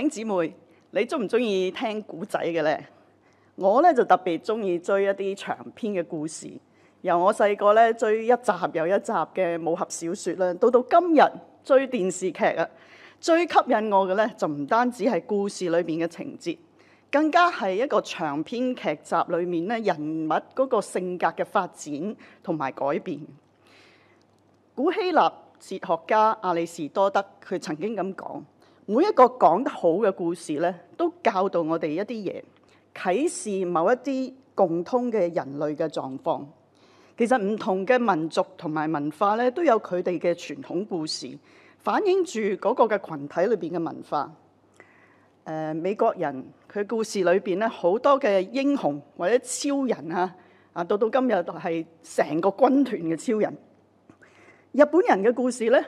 影姊妹，你中唔中意聽古仔嘅咧？我咧就特別中意追一啲長篇嘅故事。由我細個咧追一集又一集嘅武俠小說啦，到到今日追電視劇啊，最吸引我嘅咧就唔單止係故事裏面嘅情節，更加係一個長篇劇集裏面咧人物嗰個性格嘅發展同埋改變。古希臘哲學家阿里士多德佢曾經咁講。每一個講得好嘅故事咧，都教導我哋一啲嘢，啟示某一啲共通嘅人類嘅狀況。其實唔同嘅民族同埋文化咧，都有佢哋嘅傳統故事，反映住嗰個嘅群體裏邊嘅文化。誒、呃，美國人佢故事裏邊咧，好多嘅英雄或者超人啊，啊，到到今日都係成個軍團嘅超人。日本人嘅故事咧，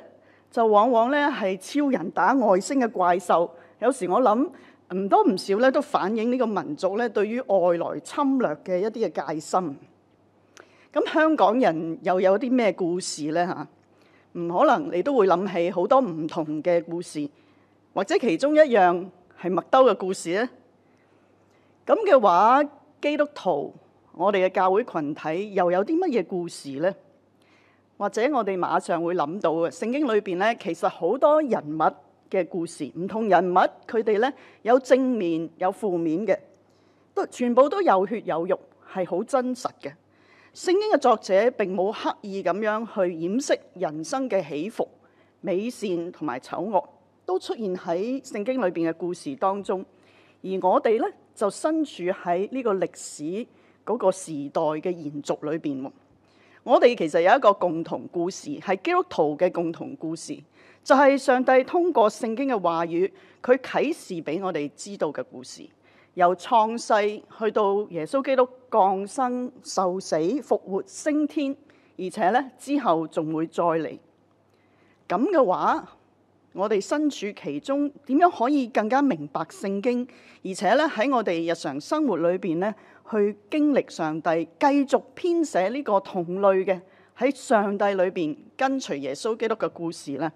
就往往咧係超人打外星嘅怪獸，有時我諗唔多唔少咧都反映呢個民族咧對於外來侵略嘅一啲嘅戒心。咁香港人又有啲咩故事咧嚇？唔可能你都會諗起好多唔同嘅故事，或者其中一樣係麥兜嘅故事咧。咁嘅話，基督徒我哋嘅教會群體又有啲乜嘢故事咧？或者我哋馬上會諗到嘅，聖經裏邊咧其實好多人物嘅故事，唔同人物佢哋咧有正面有負面嘅，都全部都有血有肉，係好真實嘅。聖經嘅作者並冇刻意咁樣去掩飾人生嘅起伏、美善同埋醜惡，都出現喺聖經裏邊嘅故事當中。而我哋咧就身處喺呢個歷史嗰個時代嘅延續裏邊。我哋其實有一個共同故事，係基督徒嘅共同故事，就係上帝通過聖經嘅話語，佢啟示俾我哋知道嘅故事，由創世去到耶穌基督降生、受死、復活、升天，而且咧之後仲會再嚟。咁嘅話，我哋身處其中，點樣可以更加明白聖經，而且咧喺我哋日常生活裏邊咧？去經歷上帝，繼續編寫呢個同類嘅喺上帝裏邊跟隨耶穌基督嘅故事咧。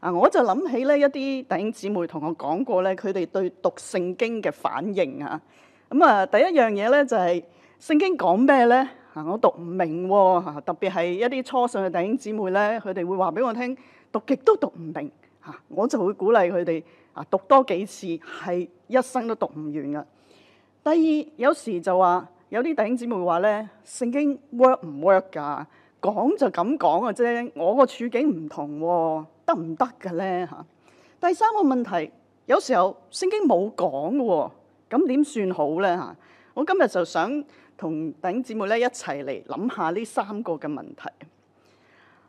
啊，我就諗起咧一啲弟兄姊妹同我講過咧，佢哋對讀聖經嘅反應啊。咁啊，第一樣嘢咧就係聖經講咩咧？啊，我讀唔明喎。特別係一啲初信嘅弟兄姊妹咧，佢哋會話俾我聽，讀極都讀唔明。嚇，我就會鼓勵佢哋啊，讀多幾次係一生都讀唔完噶。第二，有時就話有啲弟兄姊妹話咧，聖經 work 唔 work 㗎？講就咁講啊啫，我個處境唔同喎，得唔得嘅咧嚇？第三個問題，有時候聖經冇講嘅喎，咁點算好咧嚇？我今日就想同弟兄姊妹咧一齊嚟諗下呢三個嘅問題。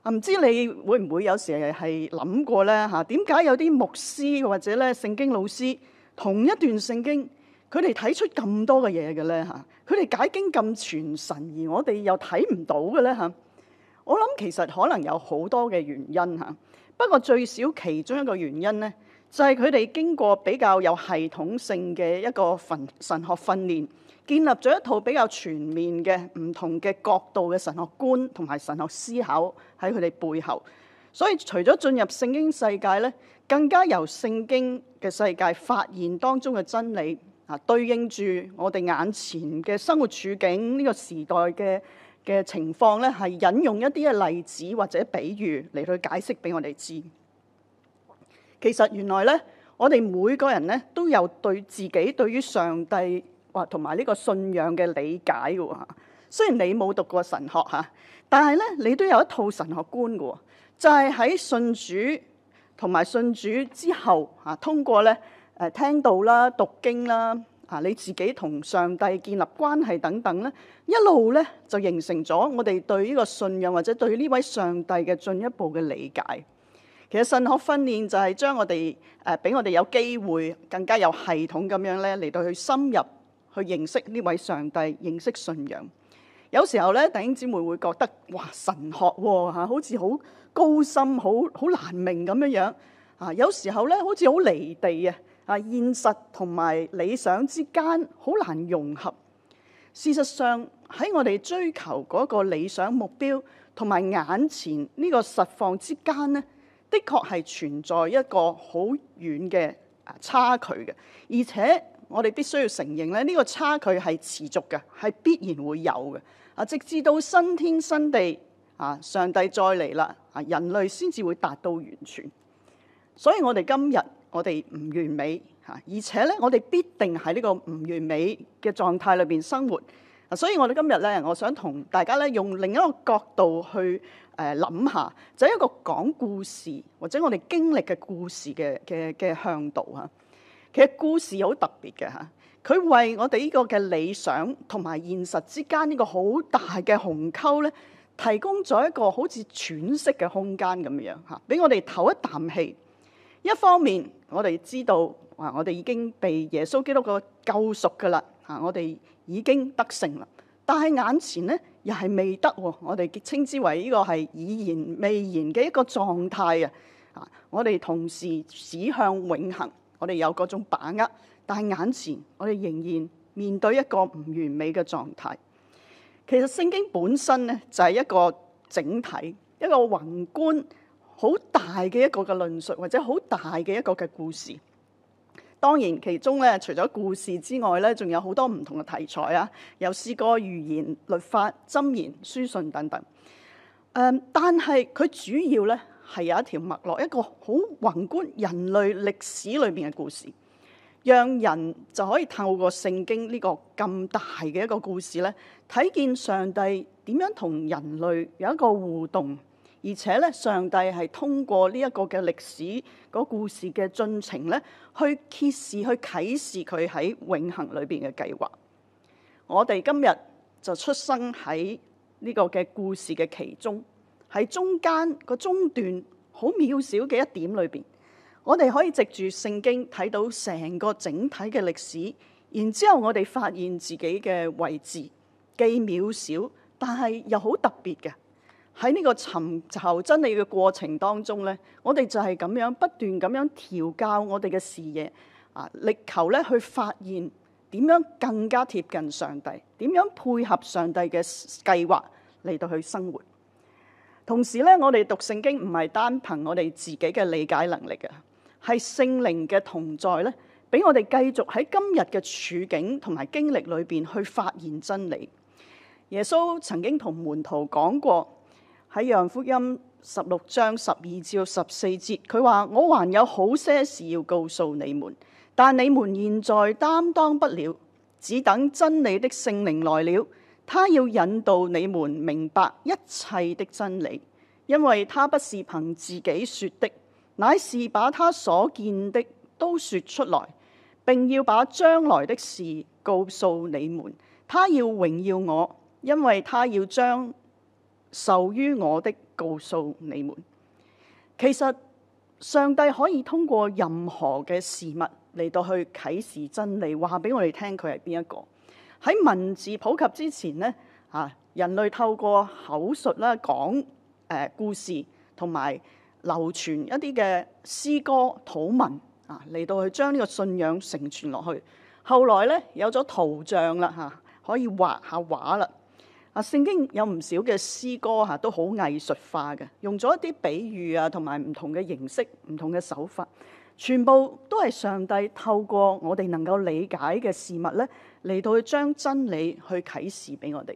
唔知你會唔會有時係諗過咧嚇？點解有啲牧師或者咧聖經老師同一段聖經？佢哋睇出咁多嘅嘢嘅咧吓，佢哋解經咁全神，而我哋又睇唔到嘅咧吓，我諗其實可能有好多嘅原因吓，不過最少其中一個原因咧，就係佢哋經過比較有系統性嘅一個神神學訓練，建立咗一套比較全面嘅唔同嘅角度嘅神學觀同埋神學思考喺佢哋背後，所以除咗進入聖經世界咧，更加由聖經嘅世界發現當中嘅真理。啊！對應住我哋眼前嘅生活處境，呢個時代嘅嘅情況咧，係引用一啲嘅例子或者比喻嚟去解釋俾我哋知。其實原來咧，我哋每個人咧都有對自己對於上帝或同埋呢個信仰嘅理解嘅喎。雖然你冇讀過神學吓，但係咧你都有一套神學觀嘅喎，就係喺信主同埋信主之後啊，通過咧。誒聽到啦、讀經啦、啊你自己同上帝建立關係等等咧，一路咧就形成咗我哋對呢個信仰或者對呢位上帝嘅進一步嘅理解。其實神學訓練就係將我哋誒俾我哋有機會更加有系統咁樣咧嚟到去深入去認識呢位上帝、認識信仰。有時候咧，弟兄姊妹會覺得哇，神學喎嚇，好似好高深、好好難明咁樣樣啊。有時候咧，好似好離地啊！啊！現實同埋理想之間好難融合。事實上，喺我哋追求嗰個理想目標同埋眼前呢個實況之間呢，的確係存在一個好遠嘅差距嘅。而且我哋必須要承認咧，呢個差距係持續嘅，係必然會有嘅。啊，直至到新天新地啊，上帝再嚟啦，啊人類先至會達到完全。所以我哋今日。我哋唔完美嚇，而且咧，我哋必定喺呢個唔完美嘅狀態裏邊生活。所以我哋今日咧，我想同大家咧用另一個角度去誒諗、呃、下，就係、是、一個講故事或者我哋經歷嘅故事嘅嘅嘅向度嚇、啊。其實故事好特別嘅嚇，佢、啊、為我哋呢個嘅理想同埋現實之間呢個好大嘅鴻溝咧，提供咗一個好似喘息嘅空間咁樣嚇，俾、啊、我哋唞一啖氣。一方面，我哋知道啊，我哋已經被耶穌基督個救贖㗎啦，我哋已經得勝啦。但係眼前呢，又係未得喎。我哋稱之為呢個係已然未然嘅一個狀態啊。我哋同時指向永恆，我哋有嗰種把握，但係眼前我哋仍然面對一個唔完美嘅狀態。其實聖經本身呢，就係一個整體，一個宏觀。好大嘅一個嘅論述，或者好大嘅一個嘅故事。當然，其中咧除咗故事之外咧，仲有好多唔同嘅題材啊，有詩歌、預言、律法、箴言、書信等等。嗯，但係佢主要咧係有一條脈絡，一個好宏觀人類歷史裏面嘅故事，讓人就可以透過聖經呢個咁大嘅一個故事咧，睇見上帝點樣同人類有一個互動。而且咧，上帝係通過呢一個嘅歷史個故事嘅進程咧，去揭示、去啟示佢喺永恆裏邊嘅計劃。我哋今日就出生喺呢個嘅故事嘅其中，喺中間個中段好渺小嘅一點裏邊，我哋可以藉住聖經睇到成個整體嘅歷史，然之後我哋發現自己嘅位置既渺小，但係又好特別嘅。喺呢個尋求真理嘅過程當中咧，我哋就係咁樣不斷咁樣調教我哋嘅視野啊，力求咧去發現點樣更加貼近上帝，點樣配合上帝嘅計劃嚟到去生活。同時咧，我哋讀聖經唔係單憑我哋自己嘅理解能力嘅，係聖靈嘅同在咧，俾我哋繼續喺今日嘅處境同埋經歷裏邊去發現真理。耶穌曾經同門徒講過。喺《約翰福音》十六章十二至十四節，佢話：我還有好些事要告訴你們，但你們現在擔當不了，只等真理的聖靈來了，他要引導你們明白一切的真理，因為他不是憑自己說的，乃是把他所見的都說出來，並要把將來的事告訴你們。他要榮耀我，因為他要將受於我的告訴你們，其實上帝可以通過任何嘅事物嚟到去啟示真理，話俾我哋聽佢係邊一個。喺文字普及之前咧，啊人類透過口述啦，講誒故事，同埋流傳一啲嘅詩歌、土文啊嚟到去將呢個信仰承傳落去。後來咧有咗圖像啦，嚇可以畫下畫啦。啊！聖經有唔少嘅詩歌嚇，都好藝術化嘅，用咗一啲比喻啊，同埋唔同嘅形式、唔同嘅手法，全部都係上帝透過我哋能夠理解嘅事物呢嚟到去將真理去啟示俾我哋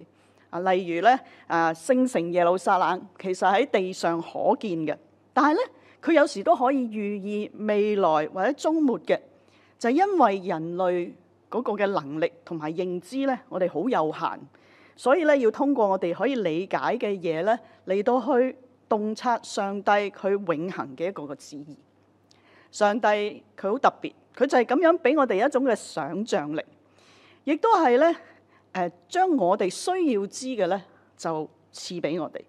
啊。例如呢，啊，聖城耶路撒冷其實喺地上可見嘅，但係呢，佢有時都可以寓意未來或者終末嘅，就係因為人類嗰個嘅能力同埋認知呢，我哋好有限。所以咧，要通過我哋可以理解嘅嘢咧，嚟到去洞察上帝佢永恆嘅一個個旨意。上帝佢好特別，佢就係咁樣俾我哋一種嘅想像力，亦都係咧誒，將我哋需要知嘅咧就賜俾我哋，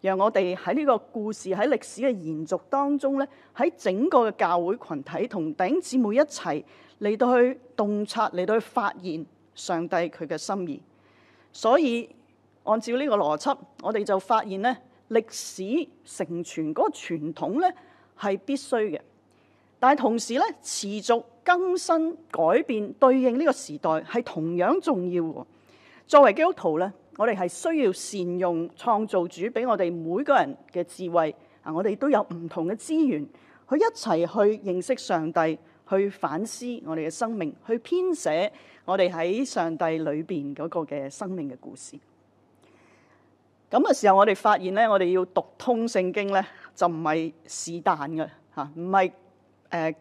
讓我哋喺呢個故事喺歷史嘅延續當中咧，喺整個嘅教會群體同弟兄姊妹一齊嚟到去洞察嚟到去發現上帝佢嘅心意。所以按照呢個邏輯，我哋就發現咧，歷史成全嗰個傳統咧係必須嘅，但係同時咧持續更新改變對應呢個時代係同樣重要。作為基督徒咧，我哋係需要善用創造主俾我哋每個人嘅智慧啊！我哋都有唔同嘅資源，去一齊去認識上帝。去反思我哋嘅生命，去編寫我哋喺上帝裏邊嗰個嘅生命嘅故事。咁嘅時候，我哋發現咧，我哋要讀通聖經咧，就唔係是但嘅吓，唔係誒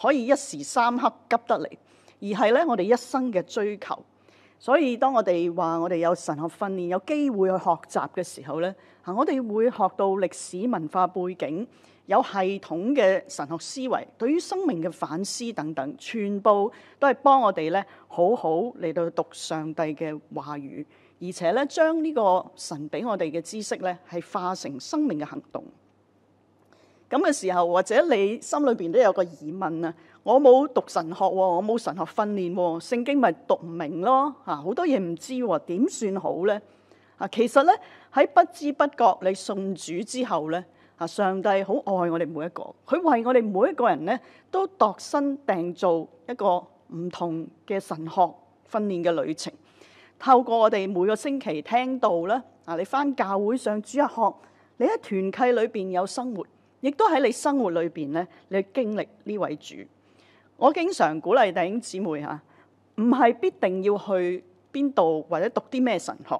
可以一時三刻急得嚟，而係咧我哋一生嘅追求。所以當我哋話，我哋有神學訓練有機會去學習嘅時候咧，吓，我哋會學到歷史文化背景，有系統嘅神學思維，對於生命嘅反思等等，全部都係幫我哋咧好好嚟到讀上帝嘅話語，而且咧將呢個神俾我哋嘅知識咧係化成生命嘅行動。咁嘅時候，或者你心裏邊都有個疑問啊，我冇讀神學喎，我冇神學訓練喎，聖經咪讀唔明咯啊，好多嘢唔知喎，點算好咧啊？其實咧喺不知不覺你信主之後咧。啊！上帝好愛我哋每一個，佢為我哋每一個人咧，都度身訂造一個唔同嘅神學訓練嘅旅程。透過我哋每個星期聽到咧，啊！你返教會上主日學，你喺團契裏邊有生活，亦都喺你生活裏邊咧，你經歷呢位主。我經常鼓勵弟兄姊妹嚇，唔係必定要去邊度或者讀啲咩神學。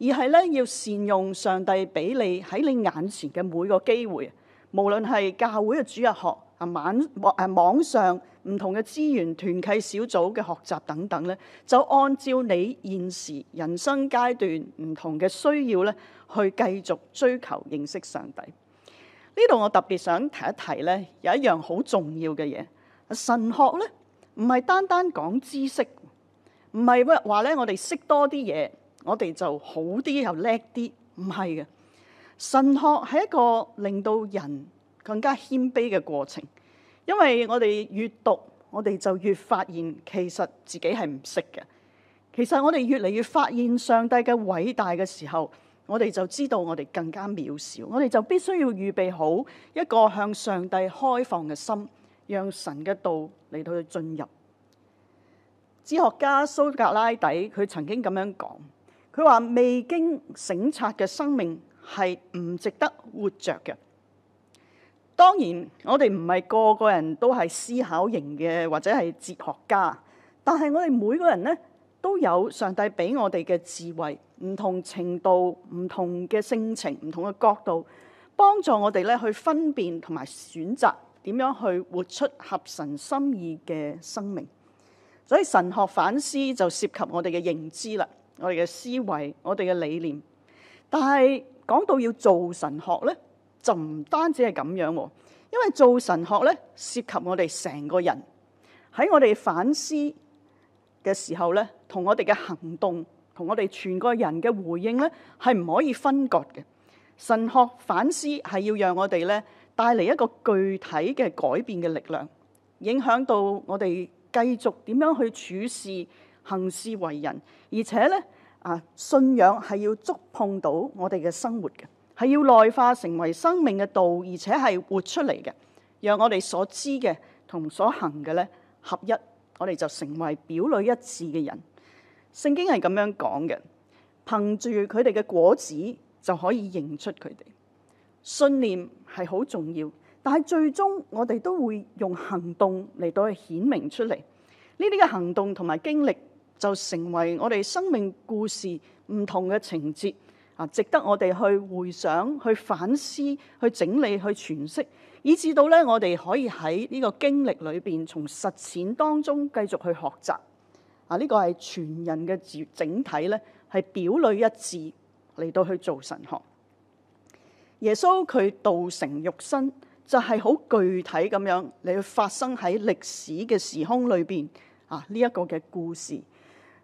而係咧，要善用上帝俾你喺你眼前嘅每個機會，無論係教會嘅主日學啊、晚網誒網上唔同嘅資源、團契小組嘅學習等等咧，就按照你現時人生階段唔同嘅需要咧，去繼續追求認識上帝。呢度我特別想提一提咧，有一樣好重要嘅嘢，神學咧，唔係單單講知識，唔係話咧我哋識多啲嘢。我哋就好啲又叻啲，唔係嘅。神學係一個令到人更加謙卑嘅過程，因為我哋越讀，我哋就越發現其實自己係唔識嘅。其實我哋越嚟越發現上帝嘅偉大嘅時候，我哋就知道我哋更加渺小。我哋就必須要預備好一個向上帝開放嘅心，讓神嘅道嚟到去進入。哲學家蘇格拉底佢曾經咁樣講。佢話：未經省察嘅生命係唔值得活著嘅。當然，我哋唔係個個人都係思考型嘅，或者係哲學家。但係我哋每個人咧都有上帝俾我哋嘅智慧，唔同程度、唔同嘅性情、唔同嘅角度，幫助我哋咧去分辨同埋選擇點樣去活出合神心意嘅生命。所以神學反思就涉及我哋嘅認知啦。我哋嘅思維，我哋嘅理念，但係講到要做神學咧，就唔單止係咁樣，因為做神學咧，涉及我哋成個人，喺我哋反思嘅時候咧，同我哋嘅行動同我哋全個人嘅回應咧，係唔可以分割嘅。神學反思係要讓我哋咧帶嚟一個具體嘅改變嘅力量，影響到我哋繼續點樣去處事，行事為人，而且咧啊，信仰係要觸碰到我哋嘅生活嘅，係要內化成為生命嘅道，而且係活出嚟嘅。讓我哋所知嘅同所行嘅咧合一，我哋就成為表裏一致嘅人。聖經係咁樣講嘅，憑住佢哋嘅果子就可以認出佢哋。信念係好重要，但係最終我哋都會用行動嚟到去顯明出嚟。呢啲嘅行動同埋經歷，就成為我哋生命故事唔同嘅情節啊，值得我哋去回想、去反思、去整理、去詮釋，以至到咧我哋可以喺呢個經歷裏邊，從實踐當中繼續去學習啊！呢、這個係全人嘅整體咧，係表裏一致嚟到去做神學。耶穌佢道成肉身，就係好具體咁樣嚟去發生喺歷史嘅時空裏邊啊！呢一個嘅故事。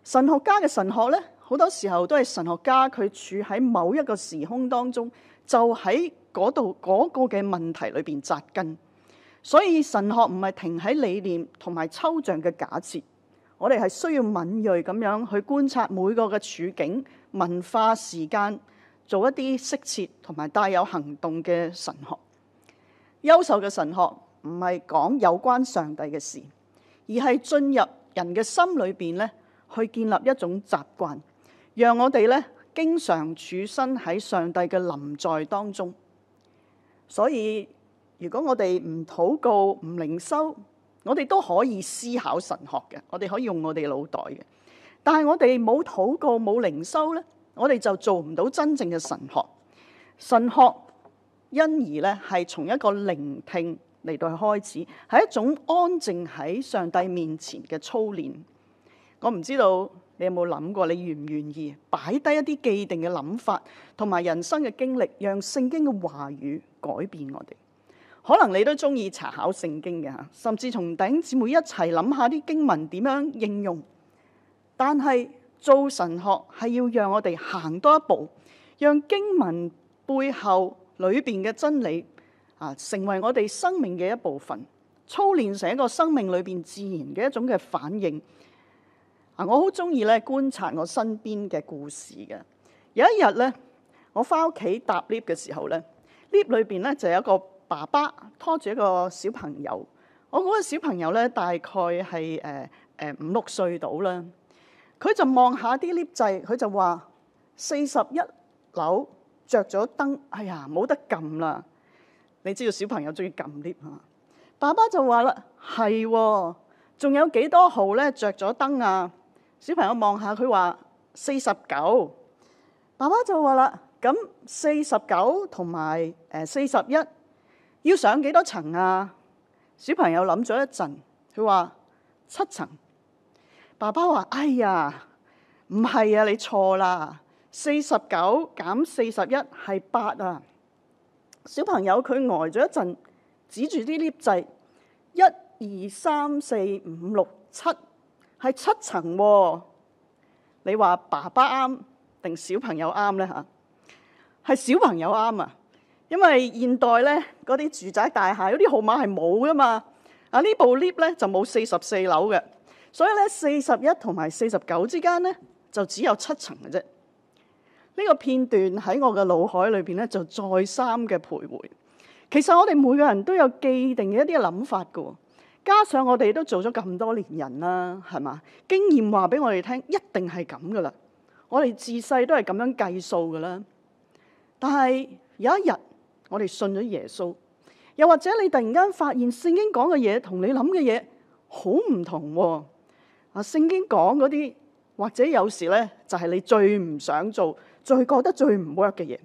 神學家嘅神學呢，好多時候都係神學家佢處喺某一個時空當中，就喺嗰度嗰個嘅問題裏邊紮根。所以神學唔係停喺理念同埋抽象嘅假設，我哋係需要敏銳咁樣去觀察每個嘅處境、文化、時間，做一啲適切同埋帶有行動嘅神學。優秀嘅神學唔係講有關上帝嘅事，而係進入人嘅心裏邊呢，去建立一種習慣，讓我哋咧經常處身喺上帝嘅臨在當中。所以，如果我哋唔禱告、唔靈修，我哋都可以思考神學嘅，我哋可以用我哋腦袋嘅。但係我哋冇禱告、冇靈修咧，我哋就做唔到真正嘅神學。神學因而咧係從一個聆聽嚟到開始，係一種安靜喺上帝面前嘅操練。我唔知道你有冇諗過，你願唔願意擺低一啲既定嘅諗法，同埋人生嘅經歷，讓聖經嘅話語改變我哋。可能你都中意查考聖經嘅吓，甚至從弟兄姊妹一齊諗下啲經文點樣應用。但係做神學係要讓我哋行多一步，讓經文背後裏邊嘅真理啊，成為我哋生命嘅一部分，操練成一個生命裏邊自然嘅一種嘅反應。嗱，我好中意咧觀察我身邊嘅故事嘅。有一日咧，我翻屋企搭 lift 嘅時候咧，lift 裏邊咧就有一個爸爸拖住一個小朋友。我嗰個小朋友咧大概係誒誒五六歲到啦。佢就望下啲 lift 掣，佢就話：四十一樓着咗燈，哎呀冇得撳啦！你知道小朋友中意撳 lift 啊？爸爸就話啦：係喎，仲有幾多號咧着咗燈啊？小朋友望下佢話四十九，爸爸就話啦：咁四十九同埋誒四十一要上幾多層啊？小朋友諗咗一陣，佢話七層。爸爸話：哎呀，唔係啊，你錯啦！四十九減四十一係八啊！小朋友佢呆咗一陣，指住啲 lift 掣，一二三四五六七。係七層、哦，你話爸爸啱定小朋友啱咧吓，係小朋友啱啊，因為現代咧嗰啲住宅大廈嗰啲號碼係冇噶嘛啊呢部 lift 咧就冇四十四樓嘅，所以咧四十一同埋四十九之間咧就只有七層嘅啫。呢、呢個片段喺我嘅腦海裏邊咧就再三嘅徘徊。其實我哋每個人都有既定嘅一啲諗法噶、哦。加上我哋都做咗咁多年人啦，係嘛？經驗話俾我哋聽，一定係咁噶啦。我哋自細都係咁樣計數噶啦。但係有一日，我哋信咗耶穌，又或者你突然間發現聖經講嘅嘢同你諗嘅嘢好唔同喎。啊，聖經講嗰啲，或者有時咧就係你最唔想做、最覺得最唔 work 嘅嘢。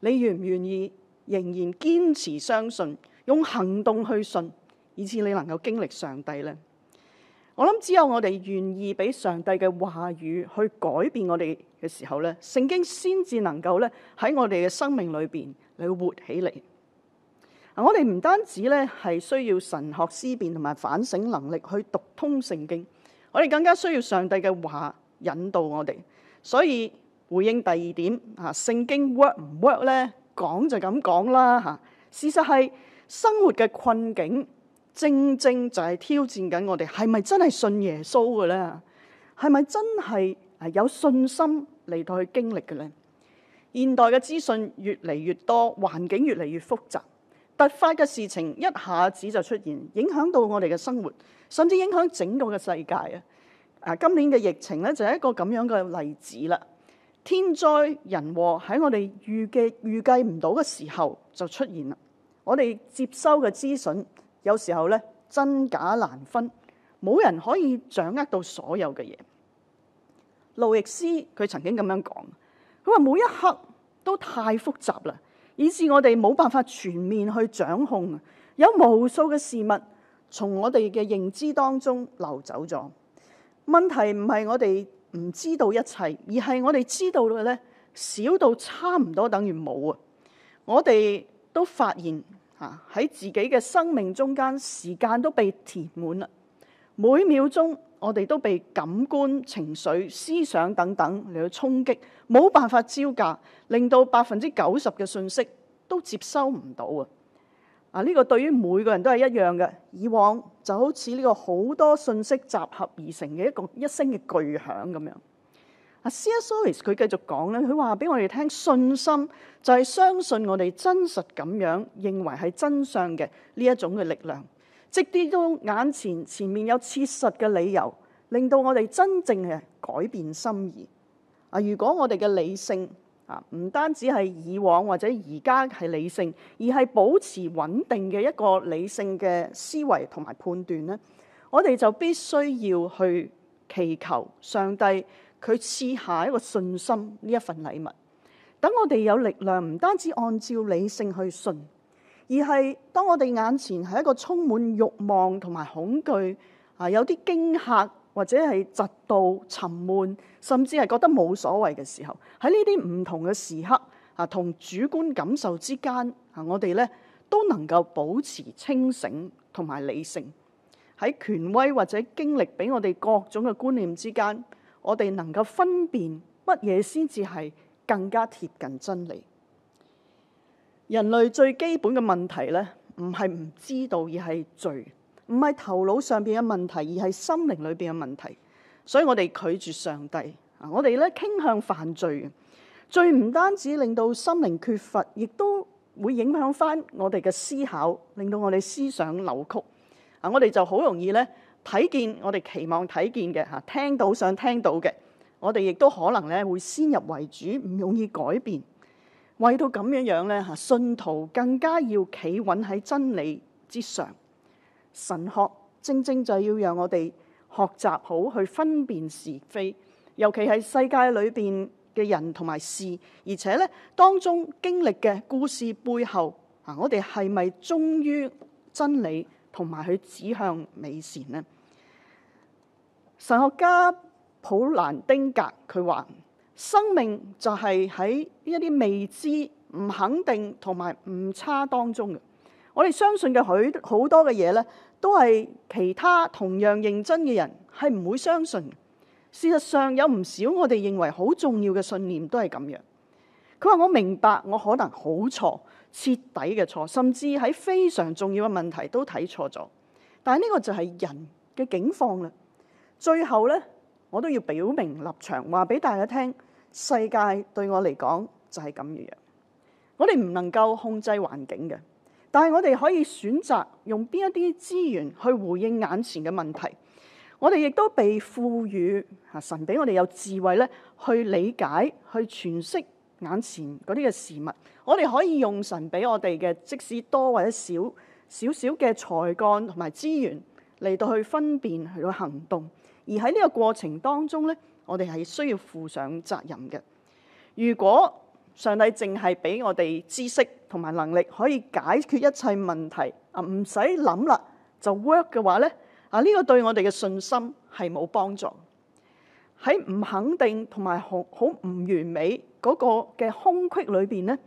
你願唔願意仍然堅持相信，用行動去信？以致你能夠經歷上帝咧，我諗只有我哋願意俾上帝嘅話語去改變我哋嘅時候咧，聖經先至能夠咧喺我哋嘅生命裏邊嚟活起嚟。嗱，我哋唔單止咧係需要神學思辨同埋反省能力去讀通聖經，我哋更加需要上帝嘅話引導我哋。所以回應第二點啊，聖經 work 唔 work 咧？講就咁講啦吓。事實係生活嘅困境。正正就係挑戰緊我哋係咪真係信耶穌嘅咧？係咪真係係有信心嚟到去經歷嘅咧？現代嘅資訊越嚟越多，環境越嚟越複雜，突發嘅事情一下子就出現，影響到我哋嘅生活，甚至影響整個嘅世界啊！啊，今年嘅疫情咧就係一個咁樣嘅例子啦。天災人禍喺我哋預計預計唔到嘅時候就出現啦。我哋接收嘅資訊。有時候咧，真假難分，冇人可以掌握到所有嘅嘢。路易斯佢曾經咁樣講：佢話每一刻都太複雜啦，以至我哋冇辦法全面去掌控。有無數嘅事物從我哋嘅認知當中流走咗。問題唔係我哋唔知道一切，而係我哋知道嘅咧，少到差唔多等於冇啊！我哋都發現。啊！喺自己嘅生命中間，時間都被填滿啦。每秒鐘，我哋都被感官、情緒、思想等等嚟到衝擊，冇辦法招架，令到百分之九十嘅信息都接收唔到啊！啊，呢個對於每個人都係一樣嘅。以往就好似呢個好多信息集合而成嘅一個一聲嘅巨響咁樣。C.S. Lewis 佢繼續講咧，佢話俾我哋聽，信心就係相信我哋真實咁樣認為係真相嘅呢一種嘅力量，即啲都眼前前面有切實嘅理由，令到我哋真正嘅改變心意。啊！如果我哋嘅理性啊，唔單止係以往或者而家係理性，而係保持穩定嘅一個理性嘅思維同埋判斷咧，我哋就必須要去祈求上帝。佢賜下一個信心呢一份禮物，等我哋有力量，唔單止按照理性去信，而係當我哋眼前係一個充滿慾望同埋恐懼啊，有啲驚嚇或者係嫉妒沉悶，甚至係覺得冇所謂嘅時候，喺呢啲唔同嘅時刻啊，同主觀感受之間啊，我哋呢都能夠保持清醒同埋理性喺權威或者經歷俾我哋各種嘅觀念之間。我哋能夠分辨乜嘢先至係更加貼近真理。人類最基本嘅問題咧，唔係唔知道，而係罪，唔係頭腦上邊嘅問題，而係心靈裏邊嘅問題。所以我哋拒絕上帝，我哋咧傾向犯罪。罪唔單止令到心靈缺乏，亦都會影響翻我哋嘅思考，令到我哋思想扭曲。啊，我哋就好容易咧。睇見我哋期望睇見嘅嚇，聽到想聽到嘅，我哋亦都可能咧會先入為主，唔容易改變。為到咁樣樣咧嚇，信徒更加要企穩喺真理之上。神學正正就係要讓我哋學習好去分辨是非，尤其係世界裏邊嘅人同埋事，而且咧當中經歷嘅故事背後啊，我哋係咪忠於真理同埋去指向美善呢？神學家普蘭丁格佢話：生命就係喺呢一啲未知、唔肯定同埋誤差當中嘅。我哋相信嘅許好多嘅嘢咧，都係其他同樣認真嘅人係唔會相信。事實上有唔少我哋認為好重要嘅信念都係咁樣。佢話：我明白我可能好錯，徹底嘅錯，甚至喺非常重要嘅問題都睇錯咗。但係呢個就係人嘅境況啦。最後咧，我都要表明立場，話俾大家聽。世界對我嚟講就係咁樣。我哋唔能夠控制環境嘅，但係我哋可以選擇用邊一啲資源去回應眼前嘅問題。我哋亦都被賦予神俾我哋有智慧咧，去理解去詮釋眼前嗰啲嘅事物。我哋可以用神俾我哋嘅，即使多或者少少少嘅才幹同埋資源嚟到去分辨去到行動。而喺呢個過程當中呢，我哋係需要負上責任嘅。如果上帝淨係俾我哋知識同埋能力可以解決一切問題啊，唔使諗啦就 work 嘅話呢，啊呢個對我哋嘅信心係冇幫助。喺唔肯定同埋好好唔完美嗰個嘅空隙裏邊呢，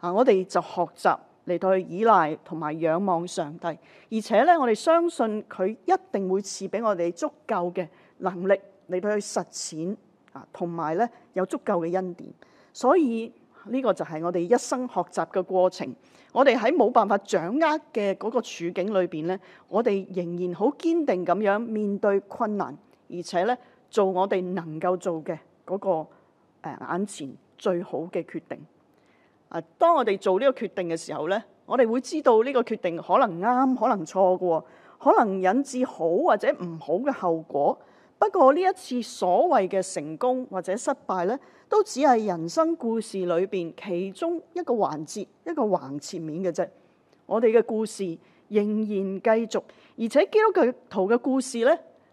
啊我哋就學習。嚟到去倚賴同埋仰望上帝，而且咧，我哋相信佢一定會賜俾我哋足夠嘅能力嚟到去實踐啊，同埋咧有足夠嘅恩典。所以呢個就係我哋一生學習嘅過程。我哋喺冇辦法掌握嘅嗰個處境裏邊咧，我哋仍然好堅定咁樣面對困難，而且咧做我哋能夠做嘅嗰個誒眼前最好嘅決定。啊！當我哋做呢個決定嘅時候呢，我哋會知道呢個決定可能啱，可能錯嘅喎，可能引致好或者唔好嘅後果。不過呢一次所謂嘅成功或者失敗呢，都只係人生故事裏邊其中一個環節、一個橫切面嘅啫。我哋嘅故事仍然繼續，而且基督徒嘅故事呢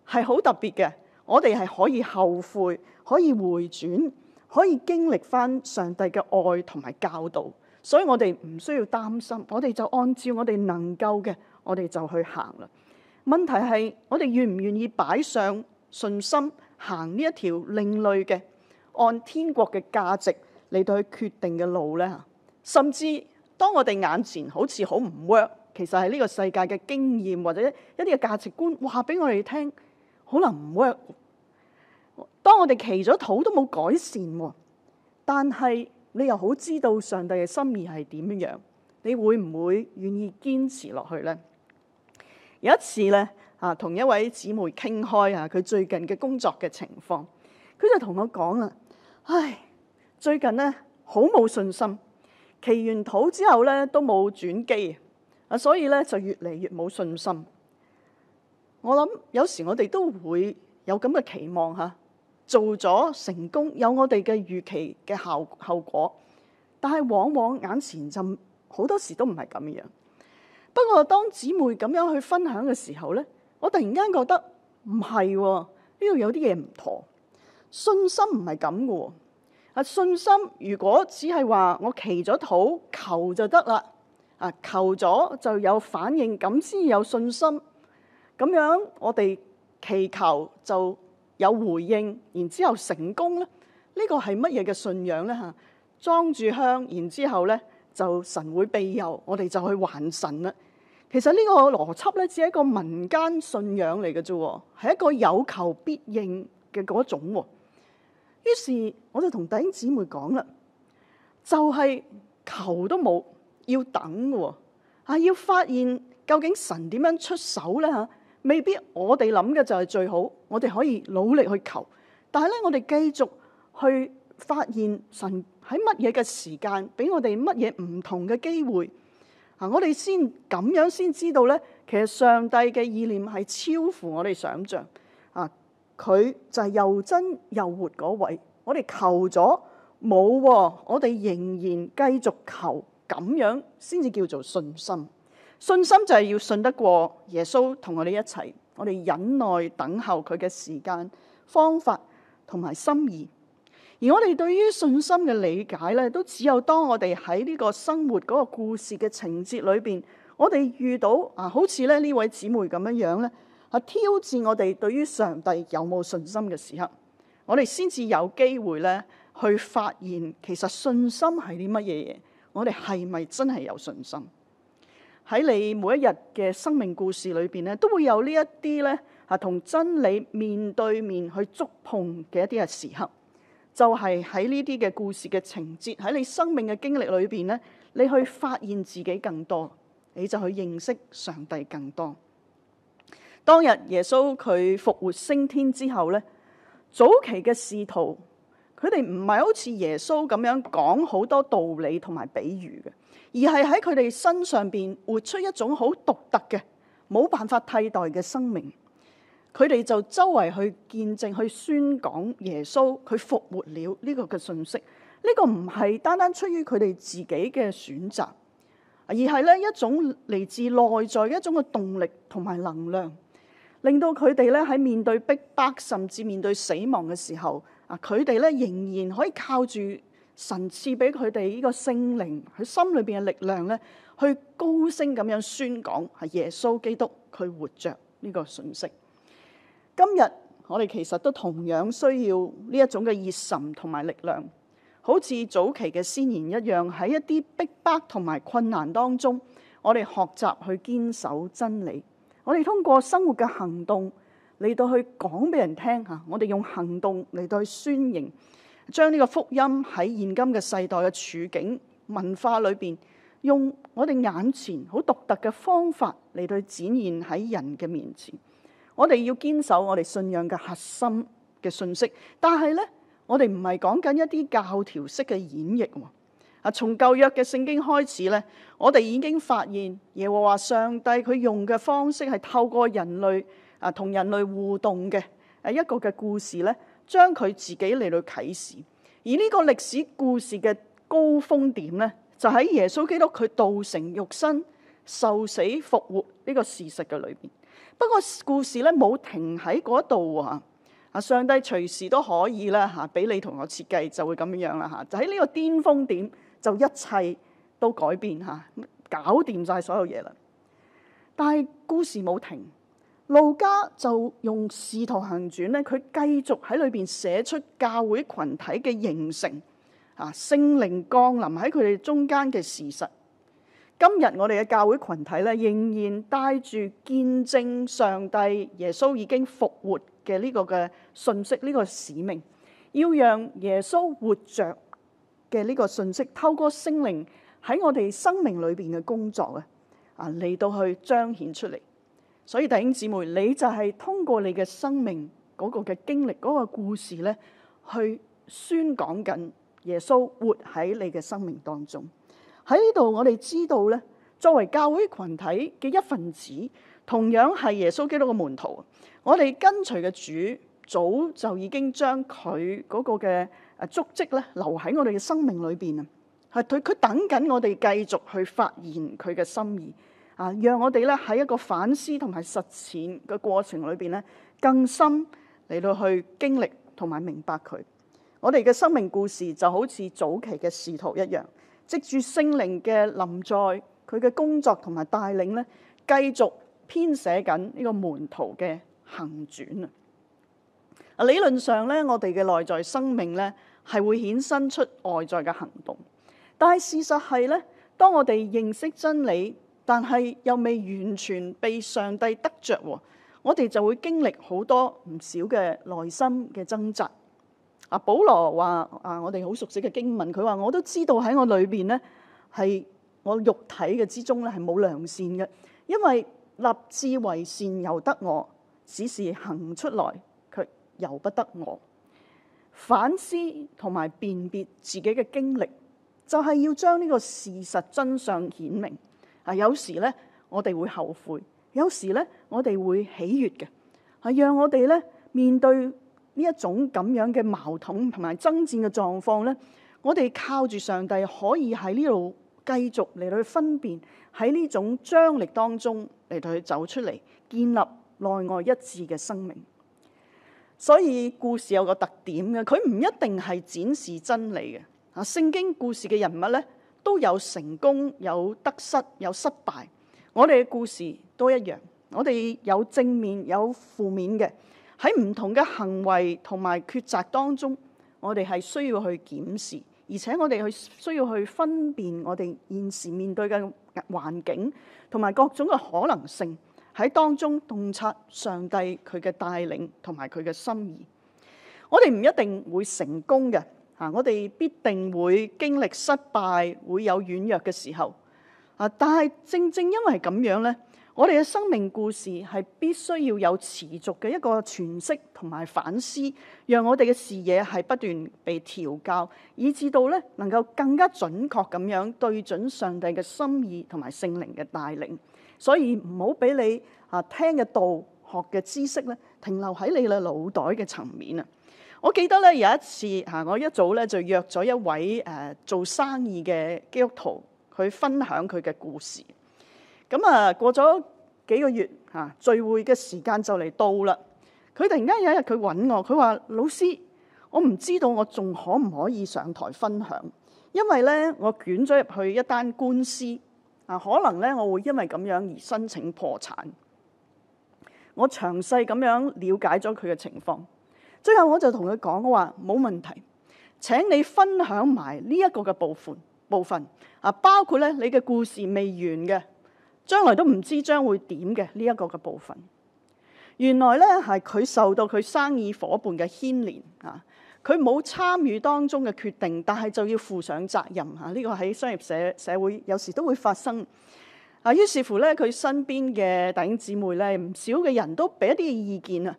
係好特別嘅。我哋係可以後悔，可以回轉。可以經歷翻上帝嘅愛同埋教導，所以我哋唔需要擔心，我哋就按照我哋能夠嘅，我哋就去行啦。問題係我哋願唔願意擺上信心行呢一條另類嘅按天國嘅價值嚟到去決定嘅路呢？甚至當我哋眼前好似好唔 work，其實係呢個世界嘅經驗或者一啲嘅價值觀話俾我哋聽，可能唔 work。當我哋祈咗禱都冇改善，但係你又好知道上帝嘅心意係點樣，你會唔會願意堅持落去咧？有一次咧，啊，同一位姊妹傾開啊，佢最近嘅工作嘅情況，佢就同我講啦：唉，最近咧好冇信心，祈完禱之後咧都冇轉機啊，所以咧就越嚟越冇信心。我諗有時我哋都會有咁嘅期望吓。做咗成功，有我哋嘅預期嘅效果，但係往往眼前就好多時都唔係咁樣。不過當姊妹咁樣去分享嘅時候咧，我突然間覺得唔係喎，呢度、啊、有啲嘢唔妥。信心唔係咁嘅喎。啊，信心如果只係話我祈咗禱求就得啦，啊求咗就有反應咁先有信心，咁樣我哋祈求就。有回應，然之後成功咧？呢個係乜嘢嘅信仰咧？嚇，裝住香，然之後咧就神會庇佑，我哋就去還神啦。其實呢個邏輯咧只係一個民間信仰嚟嘅啫，係一個有求必應嘅嗰種。於是我就同弟兄姊妹講啦，就係求都冇要等嘅喎，啊要發現究竟神點樣出手咧嚇。未必我哋諗嘅就係最好，我哋可以努力去求，但係咧我哋繼續去發現神喺乜嘢嘅時間俾我哋乜嘢唔同嘅機會啊！我哋先咁樣先知道咧，其實上帝嘅意念係超乎我哋想象啊！佢就係又真又活嗰位。我哋求咗冇，啊，我哋仍然繼續求，咁樣先至叫做信心。信心就係要信得過耶穌同我哋一齊，我哋忍耐等候佢嘅時間、方法同埋心意。而我哋對於信心嘅理解咧，都只有當我哋喺呢個生活嗰個故事嘅情節裏邊，我哋遇到啊，好似咧呢位姊妹咁樣樣咧，啊挑戰我哋對於上帝有冇信心嘅時刻，我哋先至有機會咧去發現，其實信心係啲乜嘢嘢？我哋係咪真係有信心？喺你每一日嘅生命故事裏邊咧，都會有這些呢一啲咧，啊同真理面對面去觸碰嘅一啲嘅時刻，就係喺呢啲嘅故事嘅情節喺你生命嘅經歷裏邊咧，你去發現自己更多，你就去認識上帝更多。當日耶穌佢復活升天之後咧，早期嘅使徒佢哋唔係好似耶穌咁樣講好多道理同埋比喻嘅。而係喺佢哋身上邊活出一種好獨特嘅，冇辦法替代嘅生命。佢哋就周圍去見證、去宣講耶穌佢復活了呢個嘅信息。呢個唔係單單出於佢哋自己嘅選擇，而係咧一種嚟自內在一種嘅動力同埋能量，令到佢哋咧喺面對逼迫甚至面對死亡嘅時候，啊佢哋咧仍然可以靠住。神賜俾佢哋呢個聖靈，佢心裏面嘅力量咧，去高聲咁樣宣講，係耶穌基督佢活着呢個訊息。今日我哋其實都同樣需要呢一種嘅熱忱同埋力量，好似早期嘅先賢一樣，喺一啲逼迫同埋困難當中，我哋學習去堅守真理。我哋通過生活嘅行動嚟到去講俾人聽吓，我哋用行動嚟到去宣揚。將呢個福音喺現今嘅世代嘅處境文化裏邊，用我哋眼前好獨特嘅方法嚟到展現喺人嘅面前。我哋要堅守我哋信仰嘅核心嘅信息，但係呢，我哋唔係講緊一啲教條式嘅演繹。啊，從舊約嘅聖經開始呢，我哋已經發現耶和華上帝佢用嘅方式係透過人類啊，同人類互動嘅誒一個嘅故事呢。將佢自己嚟到啟示，而呢個歷史故事嘅高峰點咧，就喺耶穌基督佢道成肉身、受死復活呢個事實嘅裏邊。不過故事咧冇停喺嗰度啊！啊，上帝隨時都可以啦嚇，俾你同我設計就會咁樣樣啦嚇。就喺呢個巔峰點，就一切都改變嚇，搞掂晒所有嘢啦。但係故事冇停。路加就用《使徒行傳》咧，佢繼續喺裏邊寫出教會群體嘅形成啊，聖靈降臨喺佢哋中間嘅事實。今日我哋嘅教會群體咧，仍然帶住見證上帝耶穌已經復活嘅呢個嘅信息、呢個使命，要讓耶穌活着嘅呢個信息，透過聖靈喺我哋生命裏邊嘅工作啊，嚟到去彰顯出嚟。所以弟兄姊妹，你就係通過你嘅生命嗰個嘅經歷嗰個故事咧，去宣講緊耶穌活喺你嘅生命當中。喺呢度我哋知道咧，作為教會群體嘅一份子，同樣係耶穌基督嘅門徒，我哋跟隨嘅主早就已經將佢嗰個嘅誒足跡咧留喺我哋嘅生命裏邊啊！係佢佢等緊我哋繼續去發現佢嘅心意。啊！讓我哋咧喺一個反思同埋實踐嘅過程裏邊咧，更深嚟到去經歷同埋明白佢。我哋嘅生命故事就好似早期嘅使徒一樣，藉住聖靈嘅臨在，佢嘅工作同埋帶領咧，繼續編寫緊呢個門徒嘅行傳啊。理論上咧，我哋嘅內在生命咧係會衍生出外在嘅行動，但係事實係咧，當我哋認識真理，但係又未完全被上帝得著，我哋就會經歷好多唔少嘅內心嘅掙扎。阿保羅話：啊，我哋好熟悉嘅經文，佢話：我都知道喺我裏邊呢，係我肉體嘅之中咧，係冇良善嘅，因為立志為善由得我，只是行出來卻由不得我。反思同埋辨別自己嘅經歷，就係、是、要將呢個事實真相顯明。啊，有時咧，我哋會後悔；有時咧，我哋會喜悅嘅。係讓我哋咧面對呢一種咁樣嘅矛盾同埋爭戰嘅狀況咧，我哋靠住上帝可以喺呢度繼續嚟到去分辨，喺呢種張力當中嚟到去走出嚟，建立內外一致嘅生命。所以故事有個特點嘅，佢唔一定係展示真理嘅。啊，聖經故事嘅人物咧。都有成功，有得失，有失敗。我哋嘅故事都一樣，我哋有正面，有負面嘅。喺唔同嘅行為同埋抉擇當中，我哋係需要去檢視，而且我哋去需要去分辨我哋現時面對嘅環境同埋各種嘅可能性，喺當中洞察上帝佢嘅帶領同埋佢嘅心意。我哋唔一定會成功嘅。啊！我哋必定會經歷失敗，會有軟弱嘅時候啊！但係正正因為係咁樣咧，我哋嘅生命故事係必須要有持續嘅一個詮釋同埋反思，讓我哋嘅視野係不斷被調教，以至到咧能夠更加準確咁樣對準上帝嘅心意同埋聖靈嘅帶領。所以唔好俾你啊聽嘅道、學嘅知識咧，停留喺你嘅腦袋嘅層面啊！我記得咧有一次嚇，我一早咧就約咗一位誒做生意嘅基督徒去分享佢嘅故事。咁啊，過咗幾個月嚇，聚會嘅時間就嚟到啦。佢突然間有一日佢揾我，佢話：老師，我唔知道我仲可唔可以上台分享，因為咧我捲咗入去一單官司啊，可能咧我會因為咁樣而申請破產。我詳細咁樣了解咗佢嘅情況。最後我就同佢講，我話冇問題，請你分享埋呢一個嘅部分部分啊，包括咧你嘅故事未完嘅，將來都唔知將會點嘅呢一個嘅部分。原來咧係佢受到佢生意伙伴嘅牽連啊，佢冇參與當中嘅決定，但係就要負上責任啊！呢個喺商業社社會有時都會發生啊。於是乎咧，佢身邊嘅弟兄姊妹咧，唔少嘅人都俾一啲意見啊。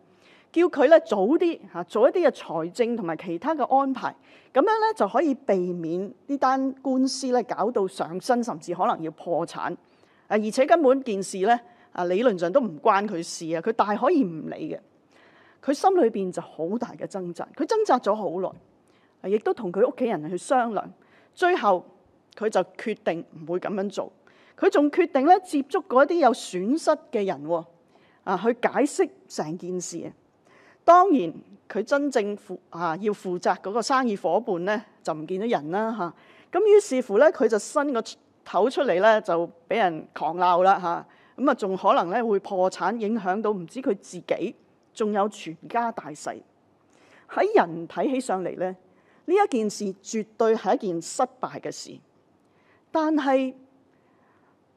叫佢咧早啲吓做一啲嘅財政同埋其他嘅安排，咁樣咧就可以避免呢單官司咧搞到上身，甚至可能要破產啊！而且根本件事咧啊，理論上都唔關佢事啊，佢大可以唔理嘅。佢心裏面就好大嘅掙扎，佢掙扎咗好耐，亦都同佢屋企人去商量。最後佢就決定唔會咁樣做，佢仲決定咧接觸嗰一啲有損失嘅人啊，去解釋成件事。當然，佢真正負啊要負責嗰個生意伙伴咧，就唔見到人啦嚇。咁於是乎咧，佢就伸個頭出嚟咧，就俾人狂鬧啦嚇。咁啊，仲可能咧會破產，影響到唔知佢自己，仲有全家大細。喺人睇起上嚟咧，呢一件事絕對係一件失敗嘅事。但係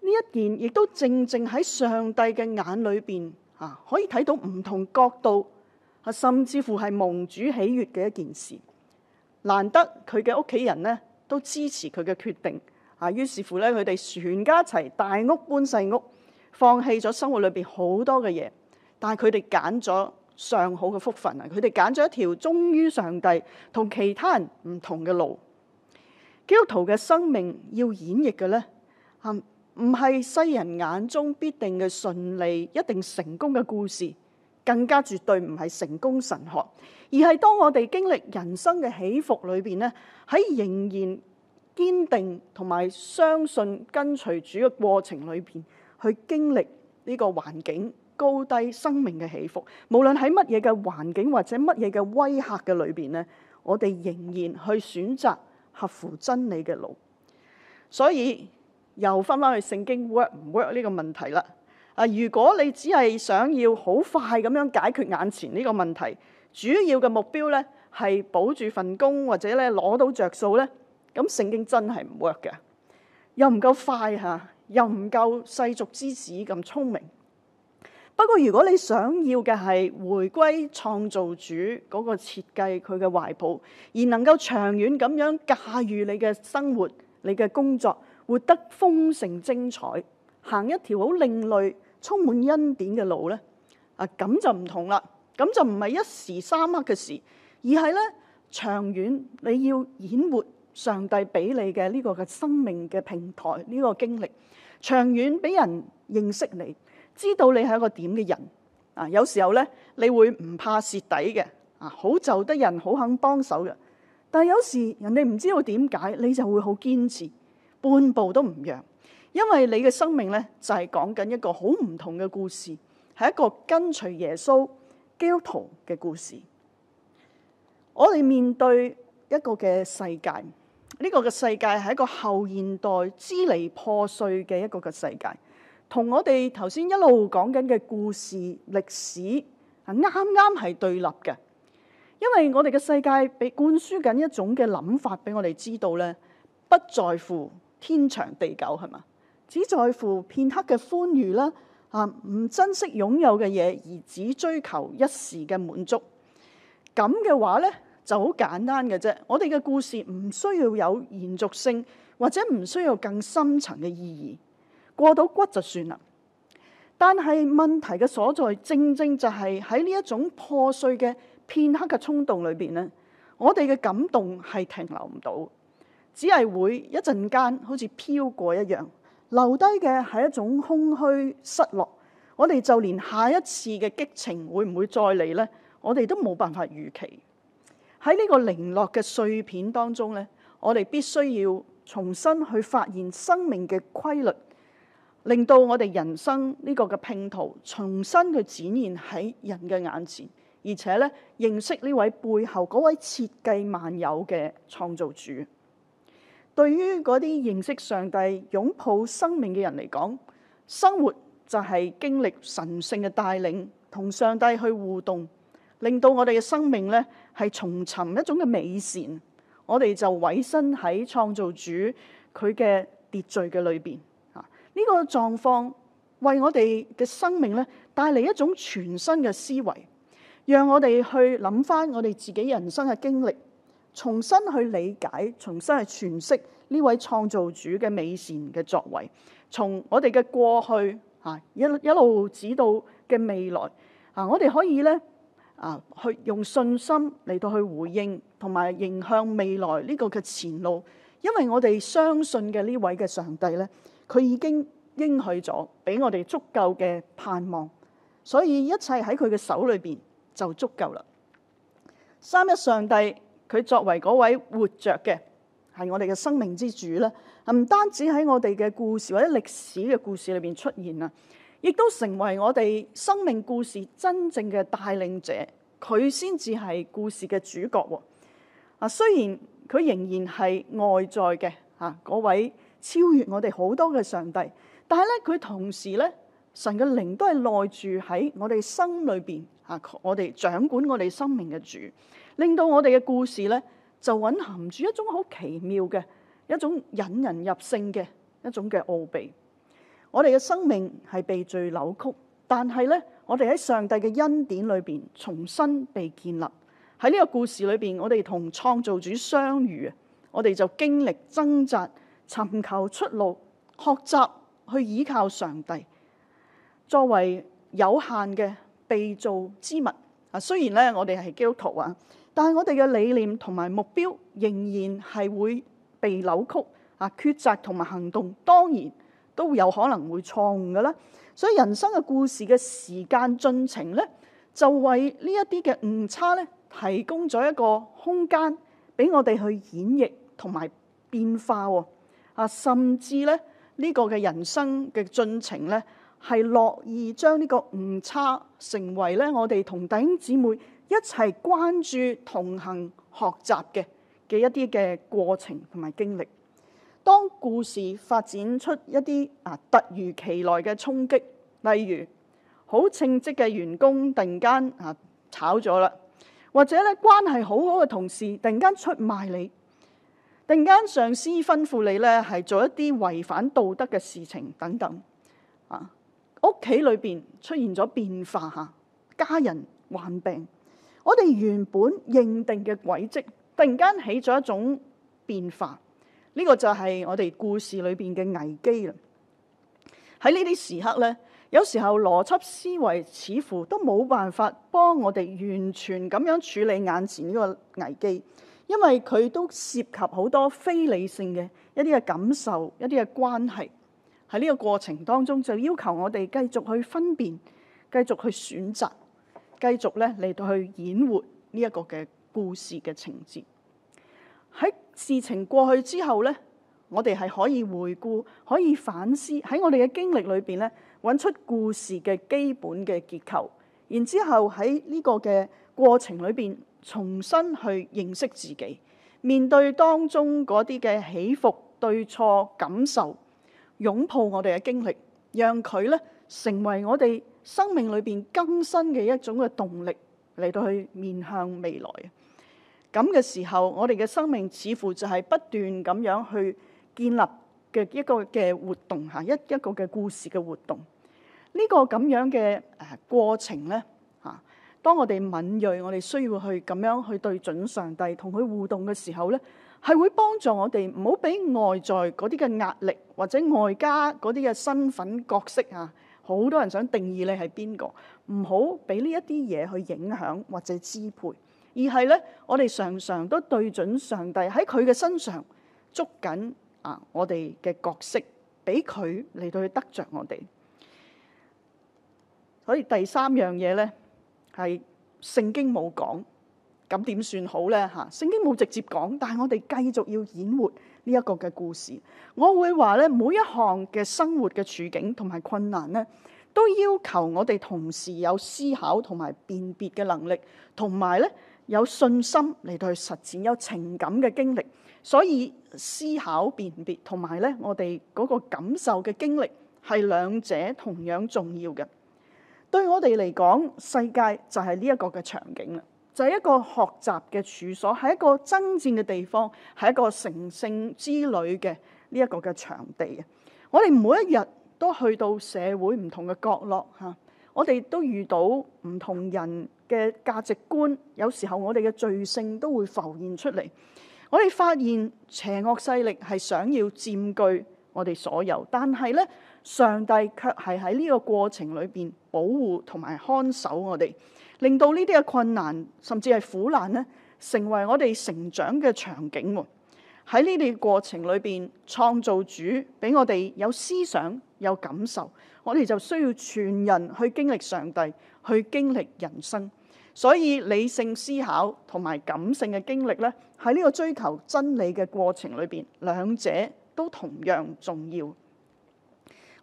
呢一件亦都正正喺上帝嘅眼裏邊啊，可以睇到唔同角度。啊，甚至乎係蒙主喜悅嘅一件事，難得佢嘅屋企人咧都支持佢嘅決定，啊，於是乎咧佢哋全家一齊大屋搬細屋，放棄咗生活裏邊好多嘅嘢，但係佢哋揀咗上好嘅福分啊！佢哋揀咗一條忠於上帝同其他人唔同嘅路。基督徒嘅生命要演繹嘅咧，啊，唔係世人眼中必定嘅順利、一定成功嘅故事。更加絕對唔係成功神學，而係當我哋經歷人生嘅起伏裏邊咧，喺仍然堅定同埋相信跟隨主嘅過程裏邊，去經歷呢個環境高低、生命嘅起伏。無論喺乜嘢嘅環境或者乜嘢嘅威嚇嘅裏邊咧，我哋仍然去選擇合乎真理嘅路。所以又返返去聖經 work 唔 work 呢個問題啦。啊！如果你只係想要好快咁樣解決眼前呢個問題，主要嘅目標呢，係保住份工，或者咧攞到着數呢，咁聖經真係唔 work 嘅，又唔夠快嚇，又唔夠世俗之子咁聰明。不過如果你想要嘅係回歸創造主嗰個設計佢嘅懷抱，而能夠長遠咁樣駕馭你嘅生活、你嘅工作，活得豐盛精彩。行一條好另類、充滿恩典嘅路咧，啊咁就唔同啦，咁就唔係一時三刻嘅事，而係咧長遠你要演活上帝俾你嘅呢個嘅生命嘅平台呢個經歷，長遠俾人認識你，知道你係一個點嘅人，啊有時候咧你會唔怕蝕底嘅，啊好就得人好肯幫手嘅，但有時人哋唔知道點解你就會好堅持，半步都唔讓。因為你嘅生命咧，就係講緊一個好唔同嘅故事，係一個跟隨耶穌基督徒嘅故事。我哋面對一個嘅世界，呢個嘅世界係一個後現代支離破碎嘅一個嘅世界，同我哋頭先一路講緊嘅故事歷史啊，啱啱係對立嘅。因為我哋嘅世界被灌輸緊一種嘅諗法俾我哋知道咧，不在乎天長地久，係嘛？只在乎片刻嘅歡愉啦，啊，唔珍惜擁有嘅嘢而只追求一時嘅滿足咁嘅話咧，就好簡單嘅啫。我哋嘅故事唔需要有延續性，或者唔需要更深層嘅意義過到骨就算啦。但係問題嘅所在，正正就係喺呢一種破碎嘅片刻嘅衝動裏邊咧，我哋嘅感動係停留唔到，只係會一陣間好似飄過一樣。留低嘅係一種空虛失落，我哋就連下一次嘅激情會唔會再嚟呢？我哋都冇辦法預期。喺呢個零落嘅碎片當中呢，我哋必須要重新去發現生命嘅規律，令到我哋人生呢個嘅拼圖重新去展現喺人嘅眼前，而且呢，認識呢位背後嗰位設計萬有嘅創造主。對於嗰啲認識上帝、擁抱生命嘅人嚟講，生活就係經歷神聖嘅帶領，同上帝去互動，令到我哋嘅生命咧係重尋一種嘅美善。我哋就委身喺創造主佢嘅秩序嘅裏邊啊！呢個狀況為我哋嘅生命咧帶嚟一種全新嘅思維，讓我哋去諗翻我哋自己人生嘅經歷。重新去理解，重新去詮釋呢位創造主嘅美善嘅作為，從我哋嘅過去啊，一一路指導嘅未來啊，我哋可以咧啊，去用信心嚟到去回應，同埋迎向未來呢個嘅前路，因為我哋相信嘅呢位嘅上帝咧，佢已經應許咗俾我哋足夠嘅盼望，所以一切喺佢嘅手裏邊就足夠啦。三一上帝。佢作為嗰位活著嘅，係我哋嘅生命之主啦。唔單止喺我哋嘅故事或者歷史嘅故事裏邊出現啦，亦都成為我哋生命故事真正嘅帶領者。佢先至係故事嘅主角喎。啊，雖然佢仍然係外在嘅啊，嗰位超越我哋好多嘅上帝，但係咧，佢同時咧。神嘅靈都係內住喺我哋心裏邊啊！我哋掌管我哋生命嘅主，令到我哋嘅故事咧就蘊含住一種好奇妙嘅一種引人入勝嘅一種嘅奧秘。我哋嘅生命係被罪扭曲，但係咧，我哋喺上帝嘅恩典裏邊重新被建立。喺呢個故事裏邊。我哋同創造主相遇，我哋就經歷掙扎，尋求出路，學習去依靠上帝。作為有限嘅被造之物啊，雖然咧，我哋係基督徒啊，但係我哋嘅理念同埋目標仍然係會被扭曲啊。抉擇同埋行動當然都有可能會錯誤嘅啦。所以人生嘅故事嘅時間進程咧，就為呢一啲嘅誤差咧，提供咗一個空間俾我哋去演繹同埋變化喎啊，甚至咧呢個嘅人生嘅進程咧，係樂意將呢個誤差成為咧，我哋同弟兄姊妹一齊關注、同行、學習嘅嘅一啲嘅過程同埋經歷。當故事發展出一啲啊突如其來嘅衝擊，例如好稱職嘅員工突然間啊炒咗啦，或者咧關係好好嘅同事突然間出賣你，突然間上司吩咐你咧係做一啲違反道德嘅事情等等。屋企裏邊出現咗變化，家人患病，我哋原本認定嘅軌跡突然間起咗一種變化，呢個就係我哋故事裏邊嘅危機啦。喺呢啲時刻咧，有時候邏輯思維似乎都冇辦法幫我哋完全咁樣處理眼前呢個危機，因為佢都涉及好多非理性嘅一啲嘅感受、一啲嘅關係。喺呢個過程當中，就要求我哋繼續去分辨，繼續去選擇，繼續咧嚟到去演活呢一個嘅故事嘅情節。喺事情過去之後咧，我哋係可以回顧，可以反思，喺我哋嘅經歷裏邊咧，揾出故事嘅基本嘅結構。然之後喺呢個嘅過程裏邊，重新去認識自己，面對當中嗰啲嘅起伏、對錯、感受。擁抱我哋嘅經歷，讓佢咧成為我哋生命裏邊更新嘅一種嘅動力，嚟到去面向未來。咁嘅時候，我哋嘅生命似乎就係不斷咁樣去建立嘅一個嘅活動嚇，一一個嘅故事嘅活動。呢個咁樣嘅誒過程咧嚇，當我哋敏鋭，我哋需要去咁樣去對準上帝，同佢互動嘅時候咧。係會幫助我哋唔好俾外在嗰啲嘅壓力，或者外加嗰啲嘅身份角色啊，好多人想定義你係邊個，唔好俾呢一啲嘢去影響或者支配，而係呢，我哋常常都對準上帝喺佢嘅身上捉緊啊，我哋嘅角色俾佢嚟到去得着我哋。所以第三樣嘢呢，係聖經冇講。咁點算好呢？吓，聖經冇直接講，但係我哋繼續要演活呢一個嘅故事。我會話咧，每一項嘅生活嘅處境同埋困難呢，都要求我哋同時有思考同埋辨別嘅能力，同埋呢有信心嚟到去實踐，有情感嘅經歷。所以思考辨別同埋呢我哋嗰個感受嘅經歷係兩者同樣重要嘅。對我哋嚟講，世界就係呢一個嘅場景啦。就係一個學習嘅處所，係一個爭戰嘅地方，係一個成聖之旅嘅呢一個嘅場地啊！我哋每一日都去到社會唔同嘅角落吓，我哋都遇到唔同人嘅價值觀，有時候我哋嘅罪性都會浮現出嚟。我哋發現邪惡勢力係想要佔據我哋所有，但係咧，上帝卻係喺呢個過程裏邊保護同埋看守我哋。令到呢啲嘅困難，甚至係苦難呢，成為我哋成長嘅場景喎。喺呢啲過程裏邊，創造主俾我哋有思想、有感受，我哋就需要全人去經歷上帝，去經歷人生。所以理性思考同埋感性嘅經歷呢，喺呢個追求真理嘅過程裏邊，兩者都同樣重要。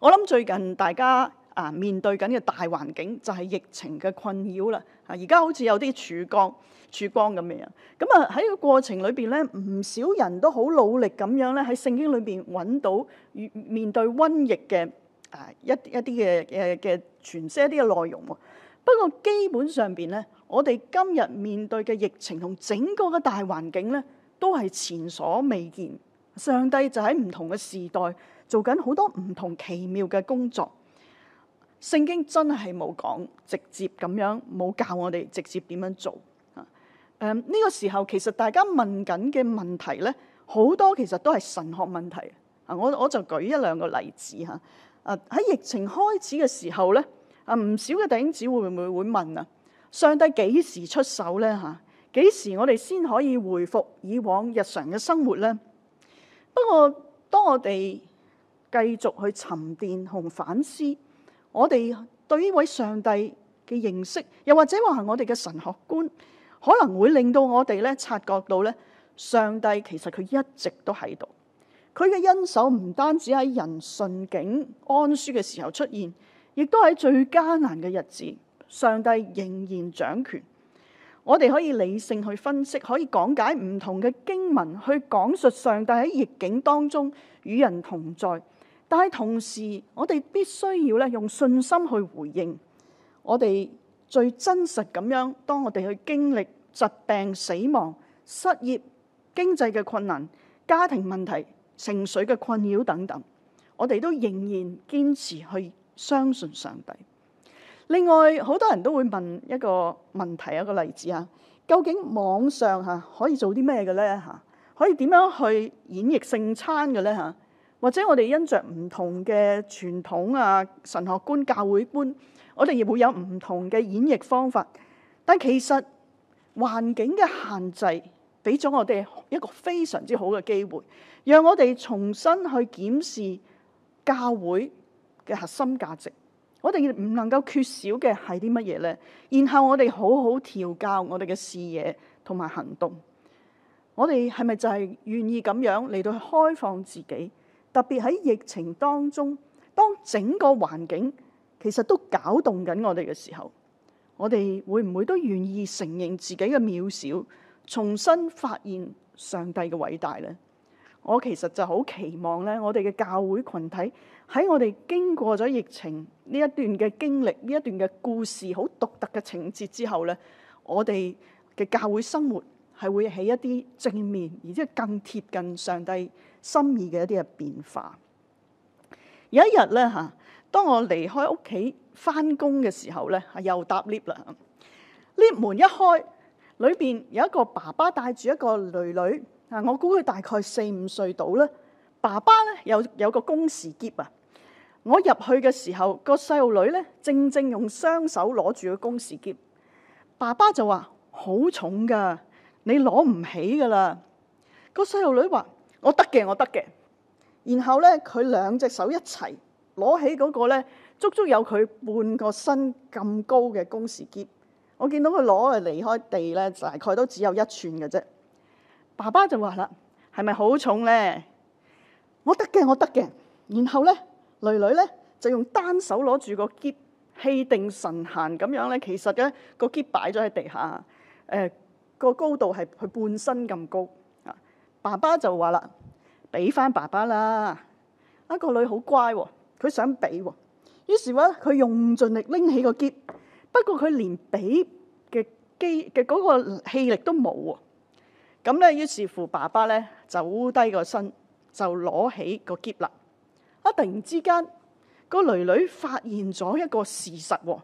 我諗最近大家，啊！面對緊嘅大環境就係疫情嘅困擾啦。啊，而家好似有啲曙光曙光咁樣。咁啊，喺個過程裏邊咧，唔少人都好努力咁樣咧，喺聖經裏邊揾到面對瘟疫嘅啊一一啲嘅嘅嘅詮釋一啲嘅內容。不過基本上邊咧，我哋今日面對嘅疫情同整個嘅大環境咧，都係前所未見。上帝就喺唔同嘅時代做緊好多唔同奇妙嘅工作。聖經真係冇講，直接咁樣冇教我哋直接點樣做。誒、嗯、呢、呢個時候，其實大家問緊嘅問題咧，好多其實都係神學問題。我我就舉一兩個例子嚇。誒、啊、喺疫情開始嘅時候咧，唔少嘅弟兄姊妹會，會問啊：上帝幾時出手咧？嚇幾時我哋先可以回復以往日常嘅生活咧？不過當我哋繼續去沉澱同反思。我哋對呢位上帝嘅認識，又或者話係我哋嘅神學觀，可能會令到我哋咧察覺到咧，上帝其實佢一直都喺度，佢嘅恩手唔單止喺人順境安舒嘅時候出現，亦都喺最艱難嘅日子，上帝仍然掌權。我哋可以理性去分析，可以講解唔同嘅經文，去講述上帝喺逆境當中與人同在。但係同時，我哋必須要咧用信心去回應我哋最真實咁樣。當我哋去經歷疾病、死亡、失業、經濟嘅困難、家庭問題、情緒嘅困擾等等，我哋都仍然堅持去相信上帝。另外，好多人都會問一個問題，一個例子啊：究竟網上吓可以做啲咩嘅咧吓？可以點樣去演繹聖餐嘅咧吓？或者我哋因着唔同嘅傳統啊、神學觀、教會觀，我哋亦會有唔同嘅演繹方法。但其實環境嘅限制俾咗我哋一個非常之好嘅機會，讓我哋重新去檢視教會嘅核心價值。我哋唔能夠缺少嘅係啲乜嘢咧？然後我哋好好調教我哋嘅視野同埋行動。我哋係咪就係願意咁樣嚟到開放自己？特別喺疫情當中，當整個環境其實都攪動緊我哋嘅時候，我哋會唔會都願意承認自己嘅渺小，重新發現上帝嘅偉大呢？我其實就好期望咧，我哋嘅教會群體喺我哋經過咗疫情呢一段嘅經歷、呢一段嘅故事、好獨特嘅情節之後咧，我哋嘅教會生活係會喺一啲正面，而且更貼近上帝，心意嘅一啲嘅變化。有一日咧嚇，當我離開屋企返工嘅時候咧，又搭 lift 啦。lift 門一開，裏邊有一個爸爸帶住一個女女啊。我估佢大概四五歲到啦。爸爸咧有有個公事喼啊。我入去嘅時候，個細路女咧正正用雙手攞住個公事喼。爸爸就話：好重㗎，你攞唔起㗎喇。個細路女話。我得嘅，我得嘅。然後咧，佢兩隻手一齊攞起嗰個咧，足足有佢半個身咁高嘅公事喼。我見到佢攞啊，離開地咧，大概都只有一寸嘅啫。爸爸就話啦：係咪好重咧？我得嘅，我得嘅。然後咧，女女咧就用單手攞住個喼，氣定神閒咁樣咧。其實咧，個喼擺咗喺地下，誒、呃個高度係佢半身咁高。爸爸就話啦，俾翻爸爸啦！啊、那個女好乖喎，佢想俾喎，於是咧佢用盡力拎起個篋，不過佢連俾嘅機嘅嗰個氣力都冇喎。咁咧，於是乎爸爸咧走低個身，就攞起個篋啦。啊！突然之間，個囡囡發現咗一個事實喎。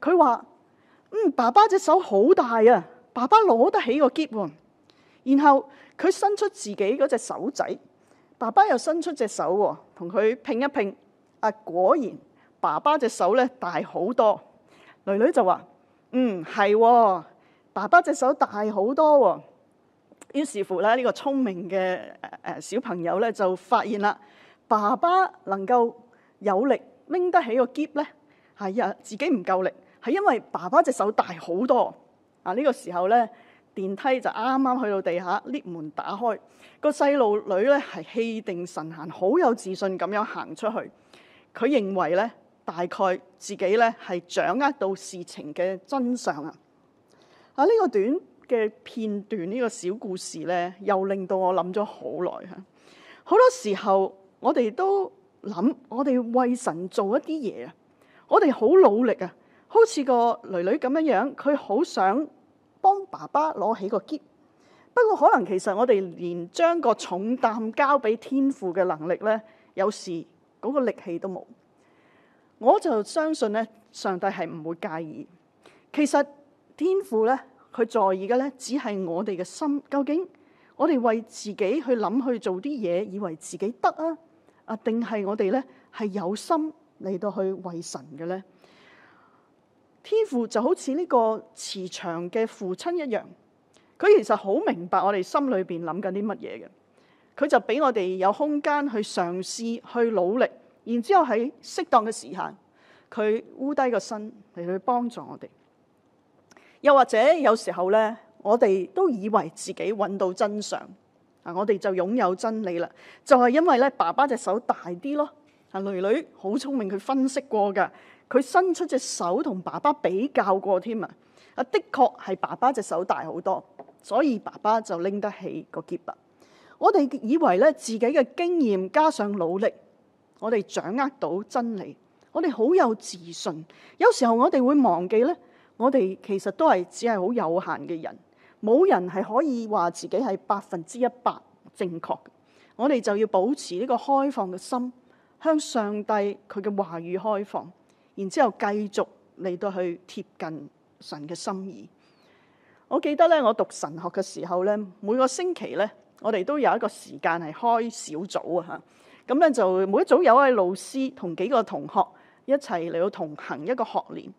佢話：嗯，爸爸隻手好大啊，爸爸攞得起個篋喎。然後佢伸出自己嗰隻手仔，爸爸又伸出隻手喎，同佢拼一拼。啊，果然爸爸隻手咧大好多。囡囡就話：嗯，係，爸爸隻手大好多。於是乎咧，呢個聰明嘅誒小朋友咧就發現啦，爸爸能夠有力拎得起個篋咧，係啊，自己唔夠力，係因為爸爸隻手大好多。啊，呢個時候咧。電梯就啱啱去到地下，呢門打開，個細路女咧係氣定神閒，好有自信咁樣行出去。佢認為咧，大概自己咧係掌握到事情嘅真相啊！啊，呢個短嘅片段，呢個小故事咧，又令到我諗咗好耐嚇。好多時候，我哋都諗，我哋為神做一啲嘢啊，我哋好努力啊，好似個女女咁樣樣，佢好想。幫爸爸攞起個篋，不過可能其實我哋連將個重擔交俾天父嘅能力咧，有時嗰個力氣都冇。我就相信咧，上帝係唔會介意。其實天父咧，佢在意嘅咧，只係我哋嘅心。究竟我哋為自己去諗去做啲嘢，以為自己得啊啊，定係我哋咧係有心嚟到去為神嘅咧？天父就好似呢個慈祥嘅父親一樣，佢其實好明白我哋心裏面諗緊啲乜嘢嘅，佢就俾我哋有空間去嘗試、去努力，然之後喺適當嘅時限，佢烏低個身嚟去幫助我哋。又或者有時候咧，我哋都以為自己搵到真相，啊，我哋就擁有真理啦，就係因為咧爸爸隻手大啲咯，啊，囡囡好聰明，佢分析過噶。佢伸出隻手同爸爸比較過，添啊啊！的確係爸爸隻手大好多，所以爸爸就拎得起個篋啦。我哋以為咧，自己嘅經驗加上努力，我哋掌握到真理，我哋好有自信。有時候我哋會忘記咧，我哋其實都係只係好有限嘅人，冇人係可以話自己係百分之一百正確。我哋就要保持呢個開放嘅心，向上帝佢嘅話語開放。然之後繼續嚟到去貼近神嘅心意。我記得咧，我讀神學嘅時候咧，每個星期咧，我哋都有一個時間係開小組啊，嚇。咁咧就每一組有位老師同幾個同學一齊嚟到同行一個學年。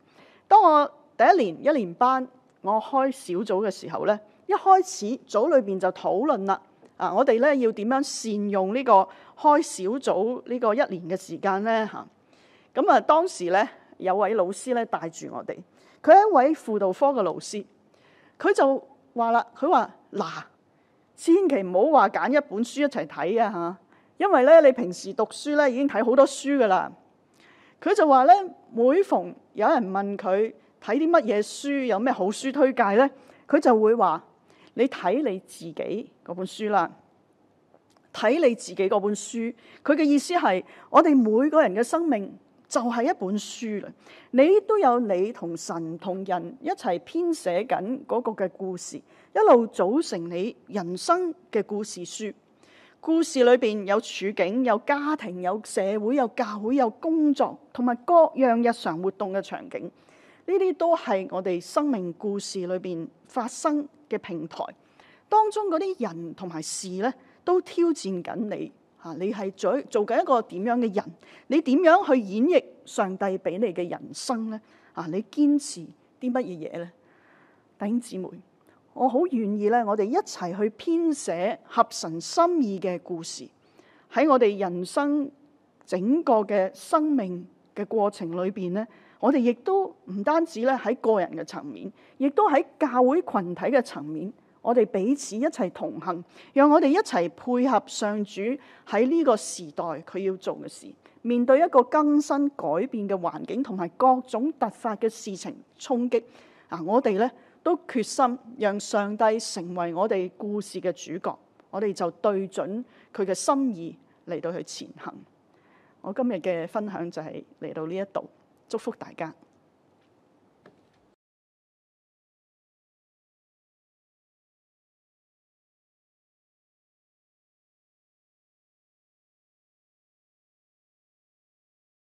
當我第一年一年班，我開小組嘅時候咧，一開始組裏邊就討論啦。啊，我哋咧要點樣善用呢個開小組呢個一年嘅時間咧？嚇。咁啊，當時咧有位老師咧帶住我哋，佢係一位輔導科嘅老師，佢就話啦：佢話嗱，千祈唔好話揀一本書一齊睇啊吓，因為咧你平時讀書咧已經睇好多書噶啦。佢就話咧，每逢有人問佢睇啲乜嘢書，有咩好書推介咧，佢就會話：你睇你自己嗰本書啦，睇你自己嗰本書。佢嘅意思係，我哋每個人嘅生命。就係一本書啦，你都有你同神同人一齊編寫緊嗰個嘅故事，一路組成你人生嘅故事書。故事裏邊有處境，有家庭，有社會，有教會，有工作，同埋各樣日常活動嘅場景，呢啲都係我哋生命故事裏邊發生嘅平台。當中嗰啲人同埋事呢，都挑戰緊你。啊！你係做做緊一個點樣嘅人？你點樣去演繹上帝俾你嘅人生咧？啊！你堅持啲乜嘢嘢咧？弟兄姊妹，我好願意咧，我哋一齊去編寫合神心意嘅故事，喺我哋人生整個嘅生命嘅過程裏邊咧，我哋亦都唔單止咧喺個人嘅層面，亦都喺教會群體嘅層面，我哋彼此一齊同行，讓我哋一齊配合上主喺呢個時代佢要做嘅事。面對一個更新改變嘅環境，同埋各種突發嘅事情衝擊，啊！我哋咧都決心讓上帝成為我哋故事嘅主角。我哋就對準佢嘅心意嚟到去前行。我今日嘅分享就係嚟到呢一度，祝福大家。